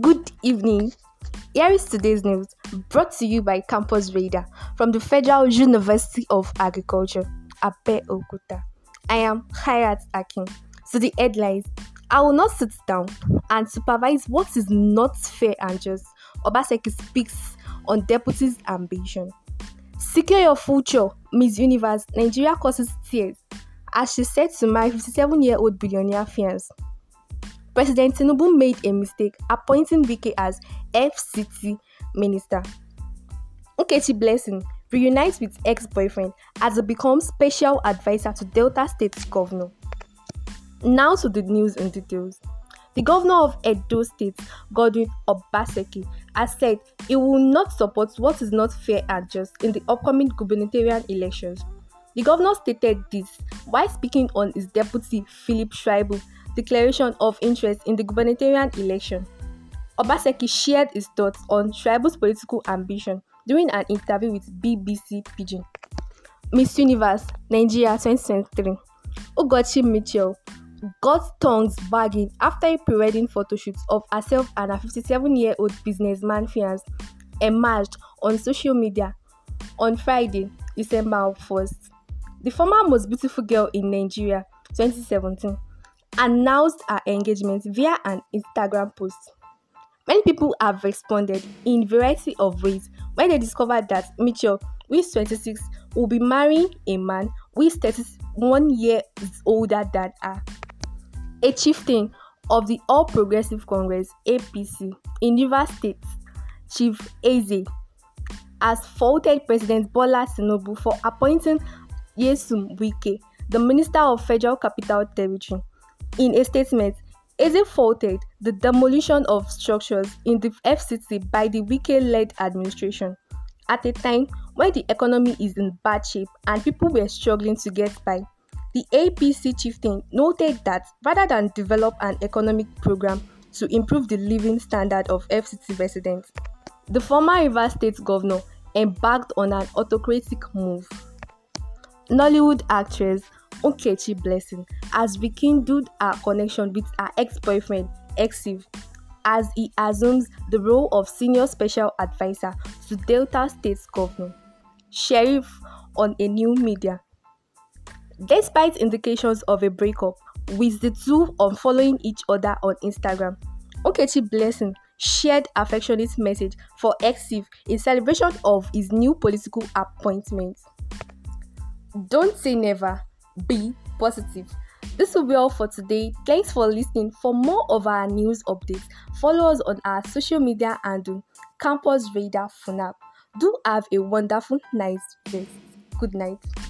Good evening. Here is today's news brought to you by Campus Radar from the Federal University of Agriculture, Ape Okuta. I am Hayat Akin. So, the headlines I will not sit down and supervise what is not fair and just. Obaseki speaks on deputy's ambition. Secure your future, Miss Universe, Nigeria causes tears as she said to my 57 year old billionaire fiance. President Tinubu made a mistake appointing Wike as FCT minister. Nkechi Blessing reunites with ex-boyfriend as he becomes special advisor to Delta State governor. Now to the news in details. The governor of Edo State, Godwin Obaseki, has said he will not support what is not fair and just in the upcoming gubernatorial elections The governor stated this while speaking on his deputy Philip Schreiber declaration of interest in the gubernatorial election. Obaseki shared his thoughts on Schreiber's political ambition during an interview with BBC Pidgin. Miss Universe Nigeria 2023 Ugochi Mitchell got tongues wagging after a pre-wedding photoshoot of herself and her 57-year-old businessman fiance emerged on social media on Friday, December 1st. The former most beautiful girl in Nigeria 2017 announced her engagement via an Instagram post. Many people have responded in variety of ways when they discovered that Mitchell, who is 26, will be marrying a man who is 31 years older than her, a chieftain of the All Progressive Congress (APC) in Rivers State. Chief Eze has faulted President Bola Tinubu for appointing Yesum Wike, the Minister of Federal Capital Territory. In a statement, it faulted the demolition of structures in the FCT by the Wike led administration. At a time when the economy is in bad shape and people were struggling to get by, the APC chieftain noted that rather than develop an economic program to improve the living standard of FCT residents, the former River State governor embarked on an autocratic move. Nollywood actress Okechi Blessing has rekindled her connection with her ex-boyfriend Exif as he assumes the role of senior special advisor to Delta State's Governor Sheriff on a new media. Despite indications of a breakup, with the two unfollowing each other on Instagram, Okechi Blessing shared affectionate message for Exif in celebration of his new political appointment. Don't say never. Be positive. This will be all for today. Thanks for listening. For more of our news updates, follow us on our social media handle Campus Radar app. Do have a wonderful night's rest. Good night.